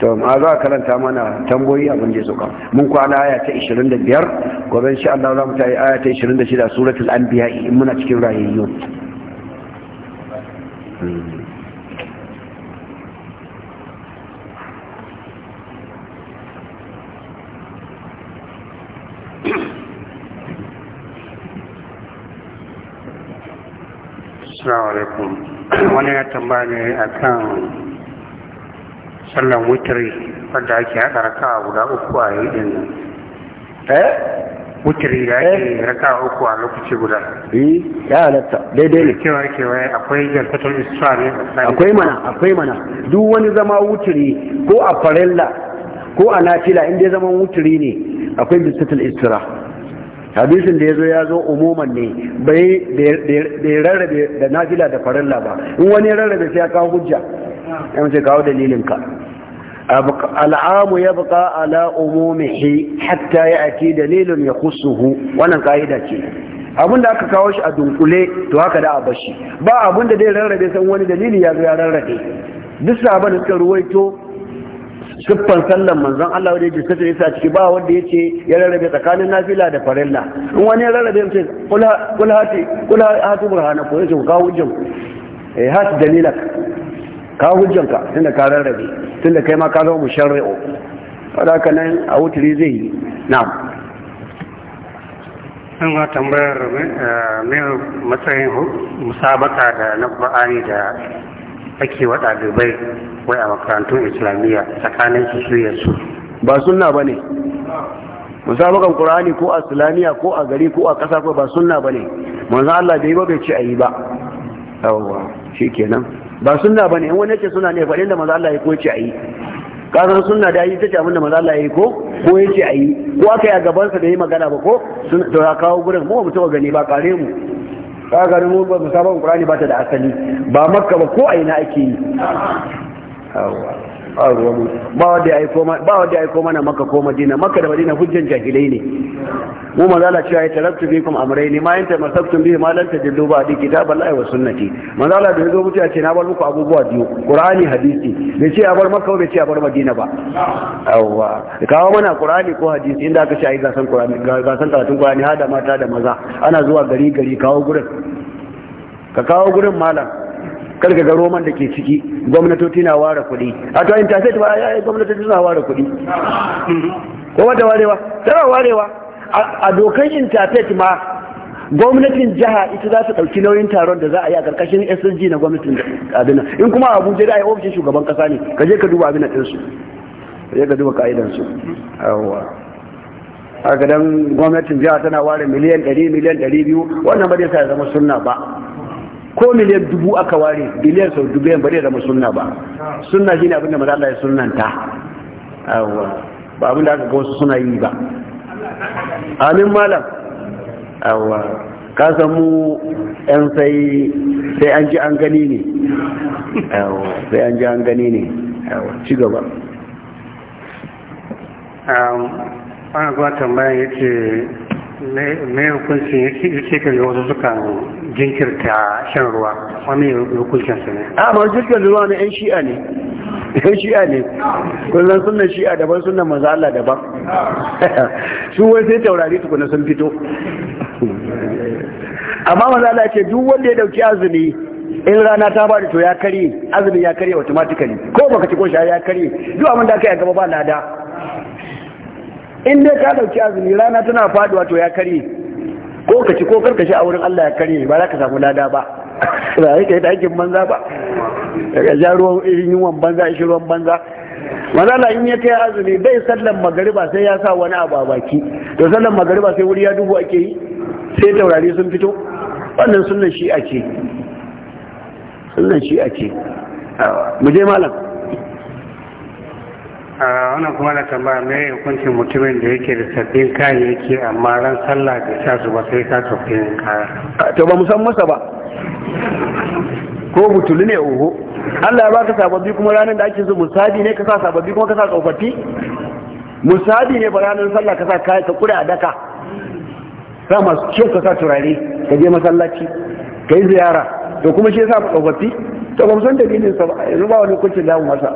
S1: to ma za a karanta mana tamboyi abin da suka mun kwana aya ta 25 gobe insha Allah za mu ta aya ta 26 suratul anbiya in muna cikin rayayyu
S3: Assalamu alaikum. Wani ya tambaye a kan sallan wutiri wadda ake haɗa raka guda uku a yi ɗin nan eh da ake eh? raka uku a lokaci guda eh ya halatta daidai ne kewa kewa akwai jantatul
S1: isra ne akwai mana akwai mana duk wani zama wutiri ko a farilla ko a nafila in zama zaman ne akwai jantatul isra hadisin da ya zo ya zo umuman ne bai da rarrabe da nafila da farilla ba in wani rarrabe sai ya kawo hujja ya mace kawo dalilinka al'amu ya buƙa ala umumihi hatta ya ake dalilin ya kusuhu wannan ka'ida ce abinda aka kawo shi a dunkule to haka da a bashi ba da dai rarrabe san wani dalili ya zo ya rarrabe duk sabon suka ruwaito siffan sallan manzon Allah wanda yake sace yasa ciki ba wanda yace ya rarrabe tsakanin nafila da farilla in wani ya rarrabe mutum kula kula hati kula hati burhana ko yace ku kawo eh hati dalilaka ka hujjanka tunda ka rarrabe tunda kai ma ka zama sharri'o wadda haka nan a wuturi zai yi na.
S3: sun ga tambayar eh, mai matsayin musabaka da na ba'ani da ake wa ɗalibai wai a makarantun islamiyya tsakanin su su
S1: su ba sunna ba ne musabakan ƙur'ani ko a islamiyya ko a gari ko a ƙasa ko ba sunna ba ne manzan allah da yi ba bai ci a yi ba yawwa shi kenan ba sunna bane in wani yake suna ne faɗin da maza Allah ya ko ce yi kasar suna da yi tace abin da maza Allah ya yi ko ko ya ce a yi ko aka yi a gaban sa da yi magana ba ko to ya kawo gurin mu mu gani ba kare mu ka gani mu ba mu saban Qur'ani ba ta da asali ba makka ba ko aina ake yi ba ba wanda ya mana aiko mana maka ko madina maka da madina hujjan jahilai ne mu zala cewa ya kuma bikum ne ma yanta masabtu bihi ma lan tajiddu ba di kitaballahi wa sunnati zala da yazo mutu ce na bar muku abubuwa biyu qur'ani hadisi bai ce a bar maka bai ce a bar madina ba yawwa kawo mana qur'ani ko hadisi inda aka ce ai gasan qur'ani gasan karatun qur'ani hada mata da maza ana zuwa gari gari kawo gurin ka kawo gurin malam kar ga roman da ke ciki gwamnatoci na ware kuɗi a to interstate ba ya gwamnatoci suna ware kuɗi ko wata warewa tana warewa a dokan interstate ma gwamnatin jiha ita za su ɗauki nauyin taron da za a yi a ƙarƙashin SSG na gwamnatin abin in kuma Abuja da ai ofishin shugaban kasa ne ka je ka duba abin din su ka je ka duba ka'idan su yawa haka gwamnatin jiha tana ware miliyan 100 miliyan 200 wannan ba zai sa ya zama sunna ba ko miliyan dubu aka ware biliyan sau dubu yan bare da sunna ba sunna shine abinda maza Allah ya sunnanta awwa ba abinda aka ga wasu suna yi ba amin malam awwa ka san yan sai sai an ji an gani ne awwa sai an ji an gani ne awwa ci gaba
S3: ana zuwa tambayan yace mai hukunci yake kan wasu suka jinkirta shan ruwa wani hukuncin su ne
S1: a ma jirgin
S3: ruwa na 'yan shi'a ne yan shi'a ne kullum sunan shi'a
S1: daban sunan maza Allah daban su wai sai taurari tukuna sun fito amma maza Allah ce duk wanda ya dauki azumi in rana ta bada to ya karye azumi ya karye automatically ko baka ci ko sha ya karye duk abin da aka yi gaba ba lada in dai ka dauki azumi rana tana faduwa to ya karye ko ka ci ko karkashi a wurin Allah ya karye ba za ka samu lada ba (laughs) ba yake ka yi aikin banza ba daga jaruwan ruwan irin yunwan banza shi ruwan banza Allah in ya kai azumi bai sallan magariba sai ya sa wani abu a baki to sallan magariba sai wuri ya dubu ake yi sai taurari sun fito wannan sunan shi ake sunnan
S3: shi ake mu je malam wannan kuma na tambaya me hukuncin mutumin da yake da sabbin kayayyaki amma ran sallah da sha su ba sai ka tsofi kaya to ba musan masa ba ko
S1: butulu ne oho Allah ya baka sababbi kuma ranar da ake zo musabi ne ka sa sababbi kuma ka sa tsofaffi musabi ne ba ranar sallah ka sa kaya ka kura a daka sa masu kyau ka sa turare ka je masallaci ka yi ziyara to kuma shi yasa tsofaffi to ba musan dalilin sa ba yanzu ba wani kuncin damu masa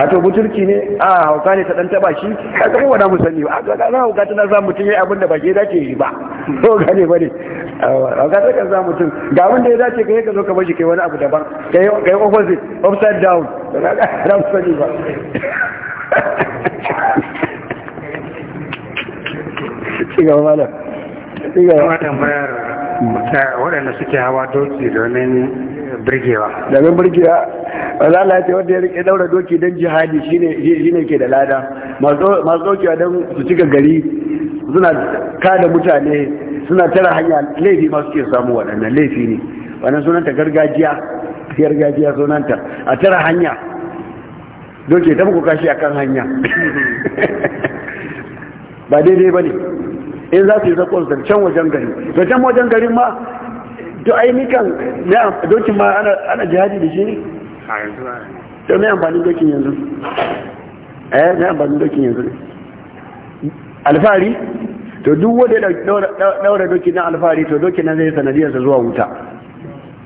S1: a to buturki ne a hauka ne ta dan taba shi ka ga wani mu sani ba a ga na hauka tana za mutun yayi abin da ba ke dace yi ba to gane ba ne hauka ta kan za mutun ga abin da ya dace kai ka zo ka bashi kai wani abu daban kai kai opposite upside down to ga da mu sani ba
S3: (laughs) ci gaba malam ci gaba waɗanda suke hawa doki domin birgewa
S1: domin birgewa wazala ce wanda ya rike daura doki don jihadi shi ne ke da lada masu dokiwa don su cika gari suna kada mutane suna tara hanya laifi masu ke samu waɗannan laifi ne wannan sunanta gargajiya gargajiya sunanta a tara hanya doki ta muku kashi akan hanya (laughs) ba daidai ba ne in za su yi zakon su can wajen gari da can wajen garin ma to yi nikan dokin ma ana jihadi da shi ne to mai amfanin dokin yanzu eh mai amfanin dokin yanzu alfari to duk wanda ya daura doki nan alfari to doki nan zai sanadiyar sa zuwa wuta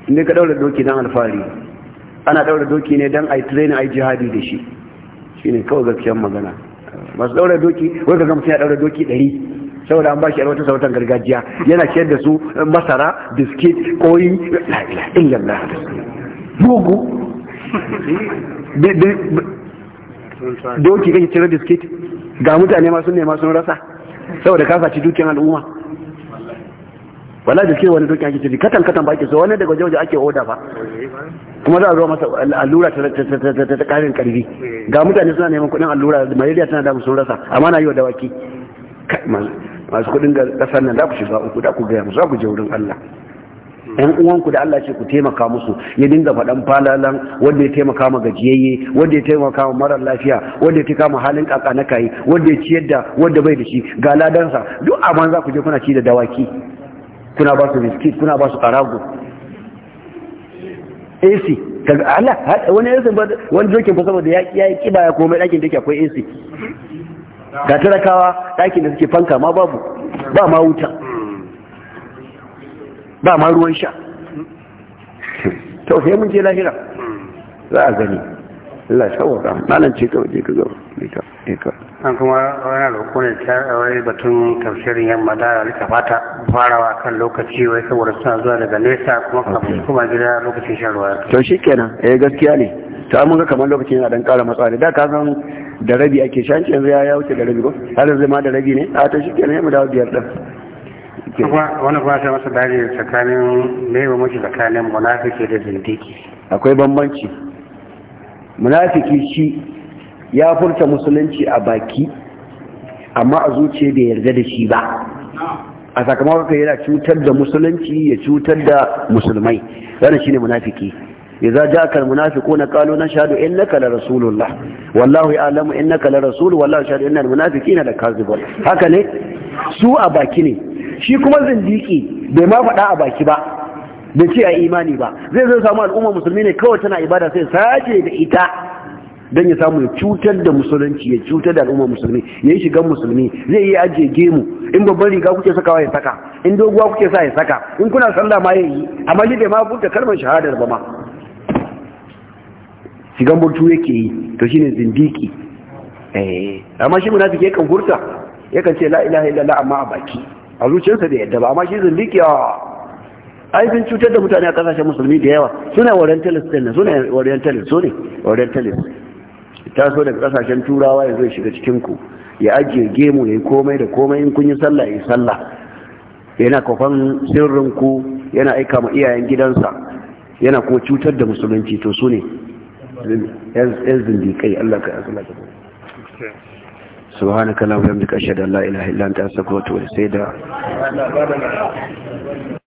S1: inda ka daura doki nan alfari ana daura doki ne dan ai training ai jihadi da shi shine kawai gaskiyar magana masu daura doki wadda ka ga mutum ya daura doki saboda an bashi wata sautan gargajiya yana ciyar da su masara biskit koyi illallah gugu doki kake cire biskit ga mutane masu nema sun rasa saboda ka faci dukiyar al'umma wala biskit wani doki ake cire katan katan ba ake so wani daga waje ake oda ba kuma za a zo masa allura ta karin karfi ga mutane suna neman kudin allura malaria tana da sun rasa amma na yi wa dawaki masu kudin kasar nan za ku shiga uku da ku gaya musu za ku je wurin Allah ɗan uwanku da Allah ce ku taimaka musu ya dinga faɗan falalan wanda ya taimaka ma gajiyayye wanda ya taimaka ma marar lafiya wanda ya taimaka ma halin ƙaƙa na kayi wanda ya ciyar da wanda bai da shi ga ladansa duk a za ku je kuna ci da dawaki kuna ba su biskit kuna ba su ƙarago AC kaga Allah wani AC wani dokin ba saboda ya ya komai ɗakin da yake akwai AC ga tarakawa ɗakin da suke fanka ma babu ba ma wuta ba ma ruwan sha (laughs) to mun je lahira za a gani Allah shawar da malam ce kawai je ka zo ne
S3: ka an kuma wani roƙo ne ta wai batun tafsirin yamma da alika fata farawa kan lokaci wai saboda suna zuwa daga nesa kuma kafin kuma gida lokacin shan ruwa to
S1: kenan, eh gaskiya ne ta mun ga kamar lokacin yana dan ƙara matsa da ka san da rabi ake shanci yanzu ya ya wuce da rabi ko har yanzu ma da rabi ne a shike ne mu dawo biyar din
S3: wani kuma sai masa dare tsakanin me ba muke tsakanin munafiki da zindiki
S1: akwai bambanci munafiki shi ya furta musulunci a baki amma a zuciya bai yarda da shi ba a sakamakon yana cutar da musulunci ya cutar da musulmai wannan shine munafiki إذا جاءك المنافقون قالوا نشهد إنك لرسول الله والله يعلم إنك لرسول والله يشهد إن المنافقين munafiqina lakazibun haka ne su a baki ne shi kuma zindiki bai ma faɗa a baki ba bai ce a imani ba zai zai samu al'umma musulmi kawai tana ibada sai sace ita don ya samu ya cutar da musulunci ya cutar da al'umma musulmi ya yi shigan musulmi zai yi ajiye gemu in babban riga kuke sakawa ya saka in doguwa kuke sa ya saka in kuna sallah ma ya yi amma ni bai ma buɗe kalmar shahadar ba ma shigan burtu yake yi to shine zindiki eh amma shi munafiki yakan furta yakan ce la ilaha illallah amma a baki a zuciyarsa da yadda ba amma shi zindiki a ah, ai sun cutar da mutane a kasashen musulmi da yawa suna orientalist din suna orientalist so ne orientalist ta so daga kasashen turawa yanzu ya shiga cikin ku ya ajiye gemu ya yi komai da komai in kun yi sallah ya yi sallah yana kwafan sirrin ku yana aika ma iyayen gidansa yana kuma cutar da musulunci to su ne yan zindikai Allah ka asala ta
S3: subhanaka allahumma wa bihamdika ashhadu an la ilaha illa anta astaghfiruka wa atubu ilayk